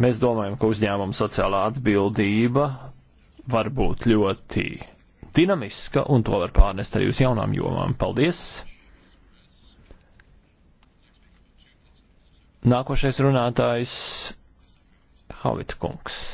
Mēs domājam, ka uzņēmuma sociālā atbildība var būt ļoti dinamiska, un to var pārnest arī uz jaunām jomām. Paldies! Nākošais runātājs Havitkungs.